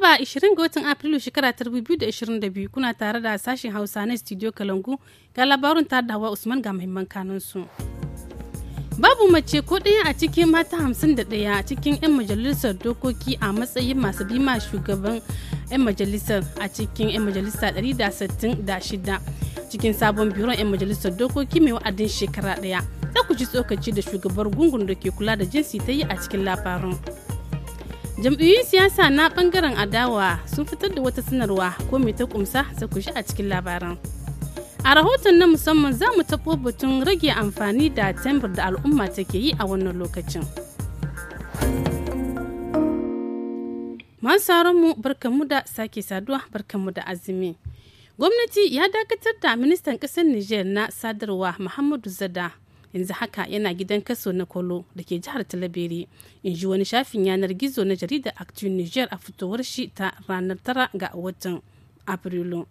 Laraba 20 ga watan Afrilu shekara ta 2022 kuna tare da sashen Hausa na Studio Kalangu ga labarin tare da Hawa Usman ga muhimman kanunsu. Babu mace ko ɗaya a cikin mata 51 a cikin 'yan majalisar dokoki a matsayin masu bima shugaban 'yan majalisar a cikin 'yan majalisa 166 cikin sabon biron 'yan majalisar dokoki mai wa'adin shekara ɗaya. Za ku ji tsokaci da shugabar gungun da ke kula da jinsi ta yi a cikin labarin. jam'iyyun siyasa na bangaren adawa sun fitar da wata sanarwa ko mai ta kumsa ta kushi a cikin labaran a rahoton na musamman za mu tabo batun rage amfani da tembur da al'umma take yi a wannan lokacin masu mu barkanmu da sake saduwa barkanmu da azumi gwamnati ya dakatar da ministan ƙasar niger na sadarwa muhammadu zada yanzu haka yana gidan kaso na kolo da ke jihar talabere in ji wani shafin yanar gizo na jaridar actu niger a fitowar shi ta ranar tara ga watan afrilu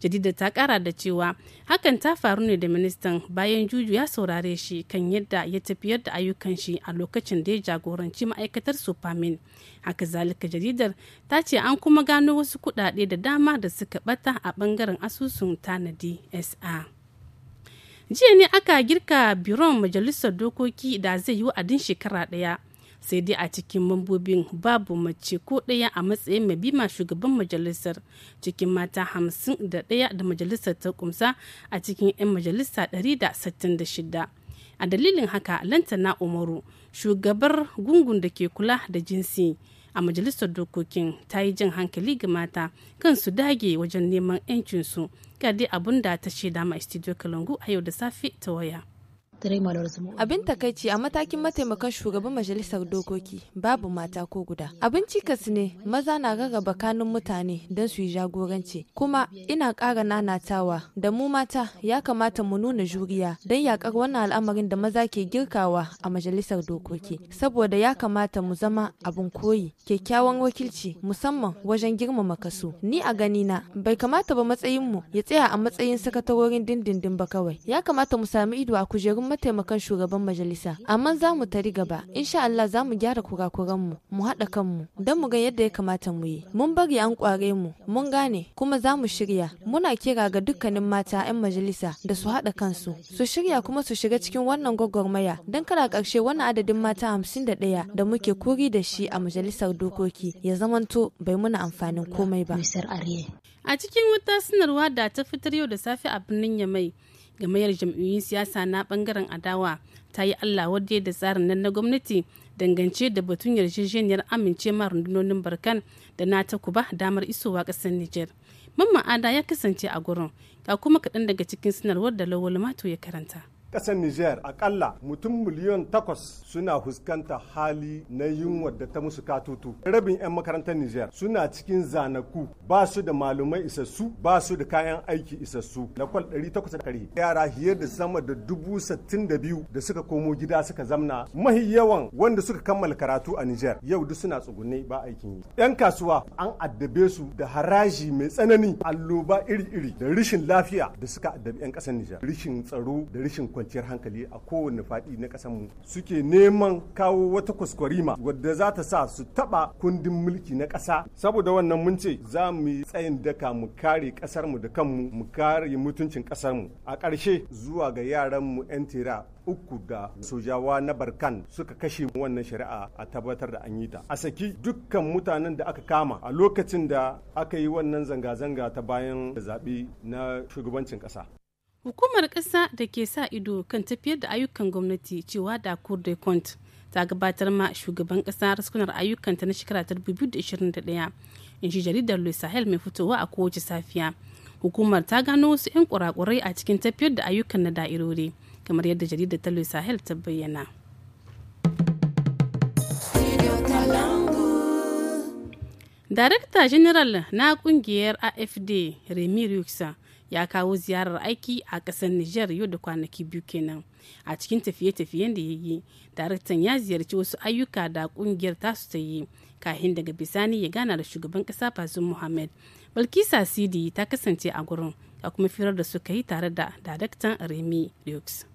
jadida ta kara da cewa hakan ta faru ne da ministan bayan juju ya saurare shi kan yadda ya tafiyar da ayyukan shi a lokacin da ya jagoranci ma'aikatar sofamin haka zalika jaridar ta ce an kuma gano wasu kudade da dama da suka bata a bangaren asusun tanadi sa jiya ne aka girka biron majalisar dokoki da zai yi wa'adin shekara ɗaya sai dai a cikin mambobin babu mace ko ɗaya a matsayin ma shugaban majalisar cikin mata hamsin da ɗaya da majalisar ta kumsa a cikin 'yan majalisa shida a dalilin haka lantana umaru shugabar gungun da ke kula da jinsi a majalisar dokokin ta yi jin hankali ga mata kan su dage wajen neman 'yancinsu ga dai abun da ta shaida ma studio kalangu a yau da safe ta waya Abin takaici a matakin mataimakan shugaban majalisar dokoki babu mata ko guda. Abin cikas ne maza na rarraba kanun mutane don su yi jagoranci. Kuma ina ƙara nanatawa da mu mata ya kamata mu nuna juriya don yakar wannan al'amarin da maza ke girkawa a majalisar dokoki. Saboda ya kamata mu zama abin koyi, kyakkyawan wakilci musamman wajen girmama kaso. Ni a ganina bai kamata ba matsayinmu ya tsaya a matsayin sakatarorin dindindin ba kawai. Ya kamata mu sami ido a kujerun mataimakan shugaban majalisa amma za mu tari gaba insha Allah za mu gyara kurakuran mu mu haɗa kanmu don mu ga yadda ya kamata mu yi mun bari an kware mu mun gane kuma za mu shirya muna kira ga dukkanin mata 'yan majalisa da su haɗa kansu su shirya kuma su shiga cikin wannan gwagwarmaya don kada ƙarshe wannan adadin mata hamsin da ɗaya da muke kuri da shi a majalisar dokoki ya zamanto bai muna amfanin komai ba a cikin wata sanarwa da ta fitar yau da safe a birnin yamai gamayyar jam'iyyun siyasa na bangaren adawa ta yi allah wadda da tsarin nan na gwamnati dangance da batun yarjejeniyar amince ma rundunonin barkan da na ta kuba damar isowa kasar niger mamma ada ya kasance a gurin ga kuma kaɗan daga cikin sanarwar da lawal mato ya karanta ƙasar Nijar akalla mutum miliyan takwas suna huskanta hali na yunwa da ta musu katutu. Rabin 'yan makarantar Nijar suna cikin zanaku ba su da malumai isassu ba su da kayan aiki isassu. na kwal 800 yara hiyar da sama da dubu sittin da biyu da suka komo gida suka zamna mahi yawan wanda suka kammala karatu a Nijar yau duk suna tsugunne ba aikin yi. 'Yan kasuwa an addabe su da haraji mai tsanani alloba iri-iri da rishin lafiya da suka addabi 'yan ƙasar Nijar. Rishin tsaro da rishin kwanci kwanciyar hankali a kowane faɗi na kasar mu suke neman kawo wata kwaskwarima wadda za ta sa su taɓa kundin mulki na ƙasa saboda wannan mun ce za mu yi tsayin daka mu kare ƙasarmu da kanmu mu kare mutuncin ƙasarmu a ƙarshe zuwa ga yaranmu 'yan tera uku da sojawa na barkan suka kashe wannan shari'a a tabbatar da an yi ta a saki dukkan mutanen da aka kama a lokacin da aka yi wannan zanga-zanga ta bayan zaɓe na shugabancin ƙasa Hukumar ƙasa da ke sa ido kan tafiyar da ayyukan gwamnati cewa da Cour de compte ta gabatar ma shugaban ƙasa raskunar ayyukanta na shekara 2021 in shi jaridar Louis Sahel mai fitowa a kowace safiya. Hukumar ta gano wasu 'yan kurakurai a cikin tafiyar da ayyukan na da'irori kamar yadda jaridar ta Louis Sahel ta bayyana. darakta general na kungiyar afd remi ruxa ya kawo ziyarar aiki a ƙasar niger yau da kwanaki biyu kenan a cikin tafiye-tafiyen da ya yi daraktan ya ziyarci wasu ayyuka da kungiyar tasu ta yi kahin daga bisani ya gana da shugaban ƙasa bazum muhammad balkisa sidi ta kasance a gurin a kuma firar da suka yi tare da daraktan remi ruxa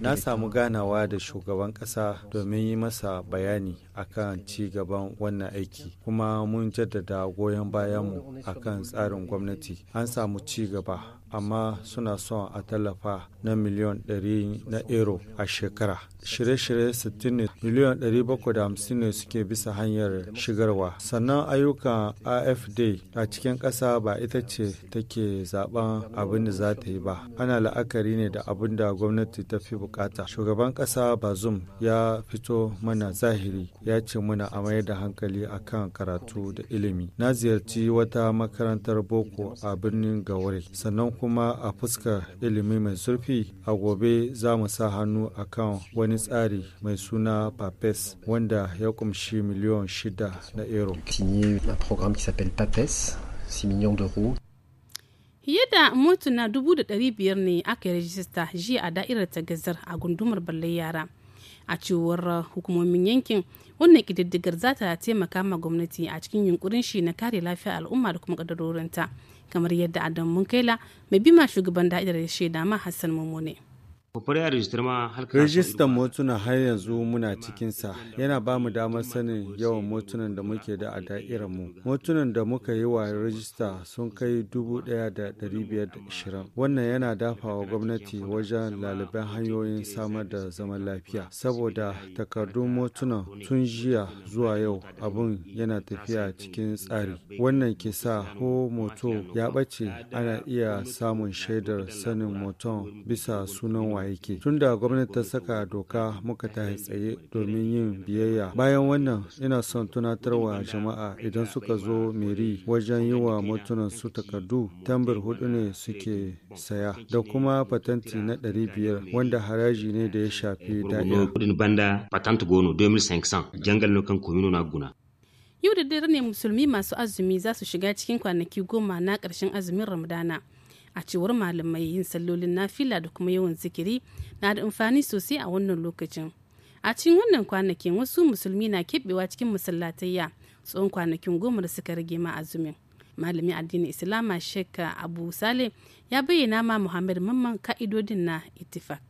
Na samu ganawa da shugaban kasa domin yi masa bayani akan ci gaban wannan aiki kuma mun jaddada goyon bayanmu akan tsarin gwamnati. An samu ci gaba amma suna son a tallafa na miliyon 100 na euro a shekara shirye-shirye 60 ne miliyon 750 ne suke bisa hanyar shigarwa sannan ayyukan afd a cikin ƙasa ba ita ce take zaben abin da za ta yi ba ana la'akari ne da abin da gwamnati ta fi bukata shugaban ƙasa bazum ya fito mana zahiri ya ce muna a mayar da hankali a kan karatu da ilimi na ziyarci wata makarantar boko a birnin gaure sannan kuma a fuskar ilimi mai zurfi a gobe za mu sa hannu a kan wani tsari mai suna papes wanda ya kumshi miliyon shida na euro Fiye da mutuna biyar ne aka yi rajista jiya a da'irar ta gazar a gundumar balle yara. A cewar hukumomin yankin, wannan kididdigar za ta taimaka ma gwamnati a cikin yunkurin shi na kare lafiyar al'umma da kuma kadarorinta. kamar yadda adam munkaila mai bima shugaban da'idar ya shaida ma hassan mummune. Rijistar motuna har yanzu muna cikinsa yana ba mu damar sanin yawan motunan da muke da a mu. Motunan da muka yi wa rijista sun kai 1,520. Wannan yana dafawa gwamnati wajen laliban hanyoyin samar da zaman lafiya. Saboda takardun motunan tun jiya zuwa yau abun yana tafiya cikin tsari. Wannan ke sa ko moto ya ɓace ana iya samun shaidar sanin moton bisa sunan waye. aiki tun tunda gwamnati ta saka doka muka ta tsaye domin yin biyayya bayan wannan ina son tunatarwa jama'a idan suka zo meri wajen yi wa motunan su takardu tambar hudu ne suke saya da kuma patenti na ɗari biyar wanda haraji ne da ya shafi guna yau da dare ne musulmi masu azumi za su shiga cikin kwanaki goma na ƙarshen azumin ramadana a cewar malamai yin sallolin nafila da kuma yawan zikiri na da amfani sosai a wannan lokacin a cikin wannan kwanakin wasu musulmi na keɓewa cikin masallatayya tsawon kwanakin goma da suka rage ma azumin malamin addinin islama sheikh abu sale ya bayyana ma muhammad mamman ka'idodin na itifak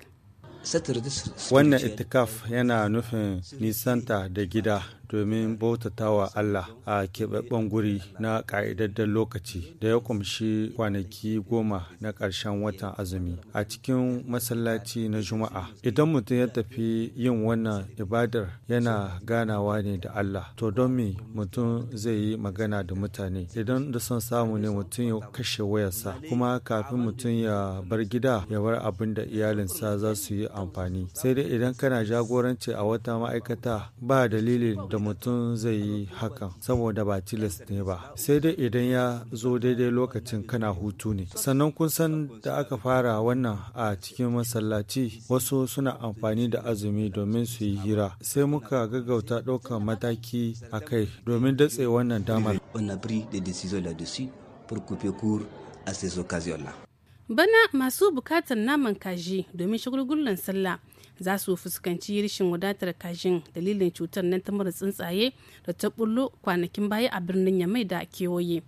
wannan itikaf yana nufin nisanta da gida domin bautata wa Allah a keɓaɓɓen guri na ƙa'idaddar lokaci da ya kumshi kwanaki goma na ƙarshen watan azumi a cikin masallaci na juma'a idan mutum ya tafi yin wannan ibadar yana ganawa ne da Allah to don me mutum zai yi magana da mutane idan da son samu ne mutum ya kashe wayarsa kuma kafin mutum ya bar gida ya bar abin da iyalinsa za su yi amfani sai dai idan kana jagoranci a wata ma'aikata ba dalilin da mutum zai yi hakan saboda ba tilas ne ba sai dai idan ya zo daidai lokacin kana hutu ne sannan kun san da aka fara wannan a cikin masallaci wasu suna amfani da azumi domin su yi hira sai muka gaggauta ɗaukar mataki a kai domin datse wannan damar a bana masu bukatar naman kaji domin shagulgullan sallah za su fuskanci rashin wadatar kajin dalilin cutar nan ta mara tsuntsaye da ta bullo kwanakin baya a birnin yamai da kewaye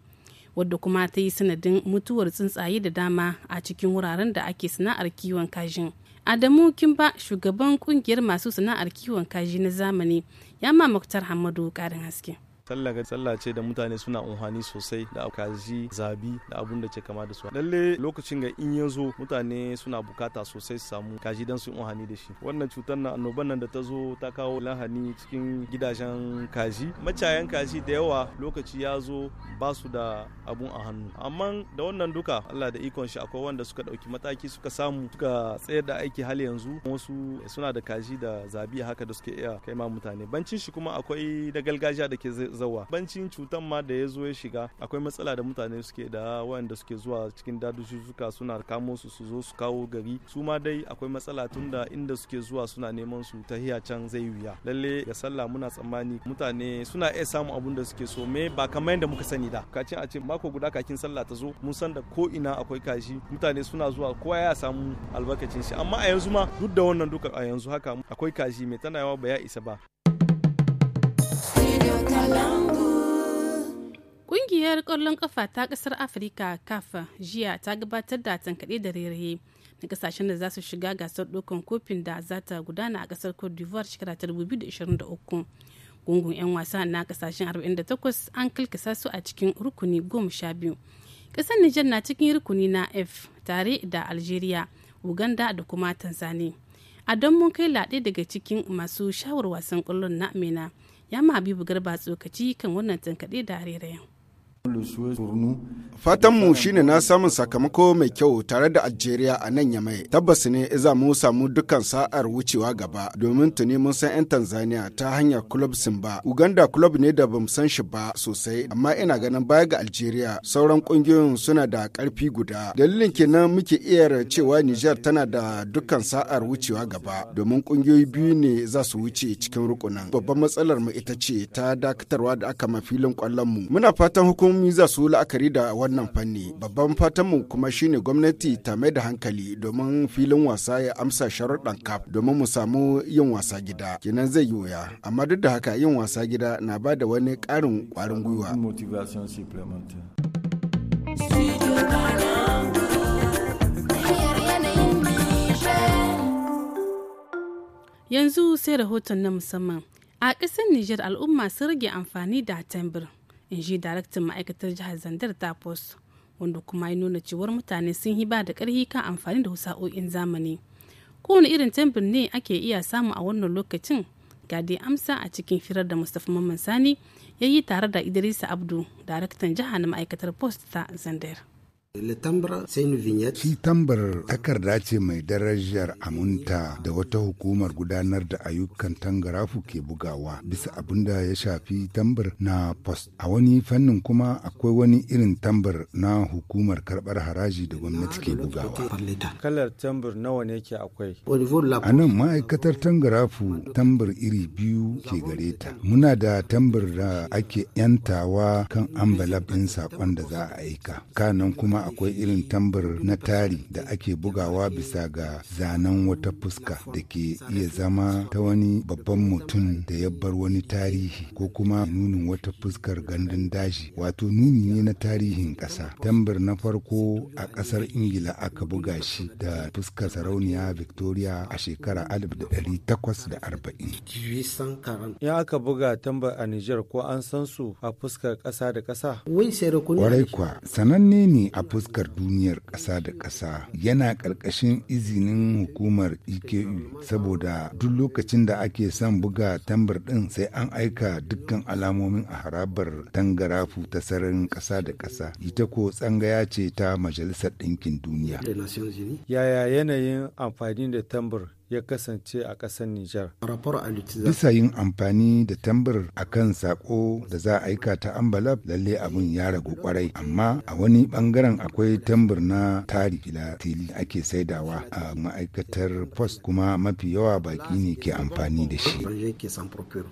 wadda kuma ta yi sanadin mutuwar tsuntsaye da dama a cikin wuraren da ake sana'ar kiwon kajin adamu kimba shugaban kungiyar masu sana'ar kiwon kaji na zamani ya ma muktar hamadu karin haske tallaga tsalla ce da mutane suna unhani sosai da kaji zabi da abun da ke kama da su lalle lokacin ga in ya zo mutane suna bukata sosai su samu kaji dan su unhani da shi wannan cutar na annoban nan da ta zo ta kawo lahani cikin gidajen kaji macayan kaji da yawa lokaci ya zo ba su da abun a hannu amma da wannan duka Allah da ikon shi akwai wanda suka dauki mataki suka samu suka tsayar da aiki hali yanzu wasu suna da kaji da zabi haka da suke iya kai ma mutane bancin shi kuma akwai da galgajiya da ke zawa bancin cutan ma da ya zo ya shiga akwai matsala da mutane suke da wayanda suke zuwa cikin suka suna kamo su su zo su kawo gari su ma dai akwai matsala tun da inda suke zuwa suna neman su ta hiya can zai wuya lalle ga sallah muna tsammani mutane suna iya samun abun da suke so me ba kamar yadda muka sani da kacin a ce mako guda kakin sallah ta zo mun san da ko ina akwai kashi mutane suna zuwa kowa ya samu albarkacin shi amma a yanzu ma duk da wannan duka a yanzu haka akwai kashi mai tana yawa ba ya isa ba kungiyar kwallon ƙafa ta ƙasar Afirka caf jiya ta gabatar da tankaɗe da rairaye na ƙasashen da za su shiga gasar ɗaukan kofin da za ta gudana a ƙasar Cote d'Ivoire shekara ta 2023. Gungun 'yan wasa na ƙasashen 48 an kalkasa su a cikin rukuni goma sha biyu. Ƙasar Nijar na cikin rukuni na F tare da Algeria, Uganda da kuma Tanzania. A don mun kai laɗe daga cikin masu shawar wasan kwallon na Amina, ya ma Habibu Garba tsokaci kan wannan tankaɗe da rairayen. Fatanmu shine na samun sakamako mai kyau tare da Algeria a nan Yamai. Tabbas ne za mu samu dukkan sa'ar wucewa gaba domin tuni mun san 'yan Tanzania ta hanyar kulob Simba. Uganda kulob ne da bamu san shi ba sosai amma ina ganin baya ga Algeria sauran kungiyoyin suna da karfi guda. Dalilin kenan muke iya cewa Niger tana da dukkan sa'ar wucewa gaba domin kungiyoyi biyu ne za su wuce cikin rukunin. Babban matsalar mu ita ce ta dakatarwa da aka ma filin kwallon mu. Muna fatan hukumomi hukumomi za su la'akari da wannan fanni babban fatanmu kuma shine gwamnati ta mai da hankali domin filin wasa ya amsa sharuɗan kaf domin mu samu yin wasa gida kenan zai yi wuya amma duk da haka yin wasa gida na ba da wani ƙarin ƙwarin gwiwa. Yanzu sai rahoton na musamman. A ƙasar Nijar al'umma sun rage amfani da tambur in ji daraktan ma'aikatar jihar zandar ta post wanda kuma ya nuna cewar mutane sun yi ba da ƙarfi kan amfani da wasa'o'in zamani kowane irin tambir ne ake iya samu a wannan lokacin ga dai amsa a cikin firar da mustapha mamman sani ya yi tare da idrisa abdu daraktan jiha na ma'aikatar post ta zandar Shi tambar takarda ce mai darajar aminta da wata hukumar gudanar da ayyukan tangarafu ke bugawa bisa abin da ya shafi tambar na post. A wani fannin kuma akwai wani irin tambar na hukumar karbar haraji da gwamnati ke bugawa. Kalar tambar nawa ne ke akwai? A nan ma'aikatar tangarafu tambar iri biyu ke gare ta. Muna da tambar da ake yantawa kan ambalab ɗin saƙon da za a aika. Kanan kuma akwai irin tambar na tari da ake bugawa bisa ga zanen wata fuska da ke iya zama ta wani babban mutum da ya bar wani tarihi ko kuma nunin wata fuskar gandun daji wato nuni ne na tarihin ƙasa tambar na farko a ƙasar ingila aka buga shi da fuskar sarauniya victoria a shekara 1840 ya aka buga tambar a Nijar ko an san su a fuskar ƙasa da ƙasa warai kwa sananne ne a fuskar duniyar ƙasa da ƙasa yana ƙarƙashin izinin hukumar EKU saboda duk lokacin da ake son buga tambar ɗin sai an aika dukkan alamomin a harabar tangarafu ta sararin ƙasa da ƙasa ita ko tsangaya ce ta Majalisar Ɗinkin Duniya. Yaya yanayin amfani da tambur ya kasance a ƙasar Nijar. Bisa yin amfani da tambar a kan sako da za a aika ta ambalab lalle abin ya ragu kwarai amma a wani bangaren akwai tambar na tari filatili ake saidawa a ma'aikatar post kuma mafi yawa baki ne ke amfani da shi.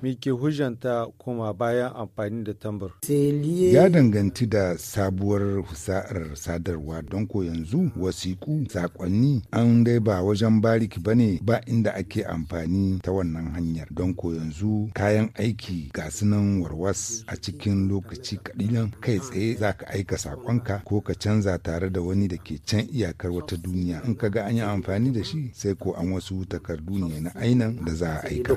Me ke hujjanta kuma bayan amfani da tambar? Ya danganci da sabuwar husa'ar sadarwa don ko yanzu wasiku sakonni an dai ba wajen bariki bane ba inda ake amfani ta wannan hanyar don ko yanzu kayan aiki ga sunan warwas a cikin lokaci kadilan kai tsaye za ka aika sakonka ko ka canza tare da wani da ke can iyakar wata duniya in ka ga an yi amfani da shi sai ko an wasu takardu ne na ainan da za a aika.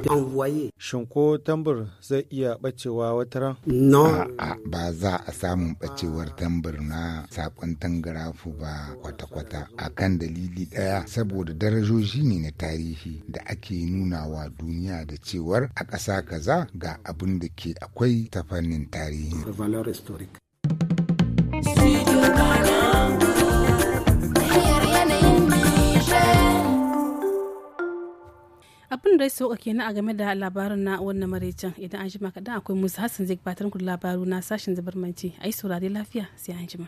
Shin ko tambur zai iya bacewa wata ran? A'a ba za a samun bacewar tambur na sakon tangarafu ba kwata-kwata akan dalili daya saboda darajoji ne na tayi tarihi da ake nuna wa duniya da cewar a ƙasa kaza ga abin da ke akwai ta fannin tarihi. abin da sauka ke na a game da labarin na wannan maraicin idan an jima kaɗan akwai musu hassan zai gabatar ku labaru na sashen manci a yi saurari lafiya sai an jima.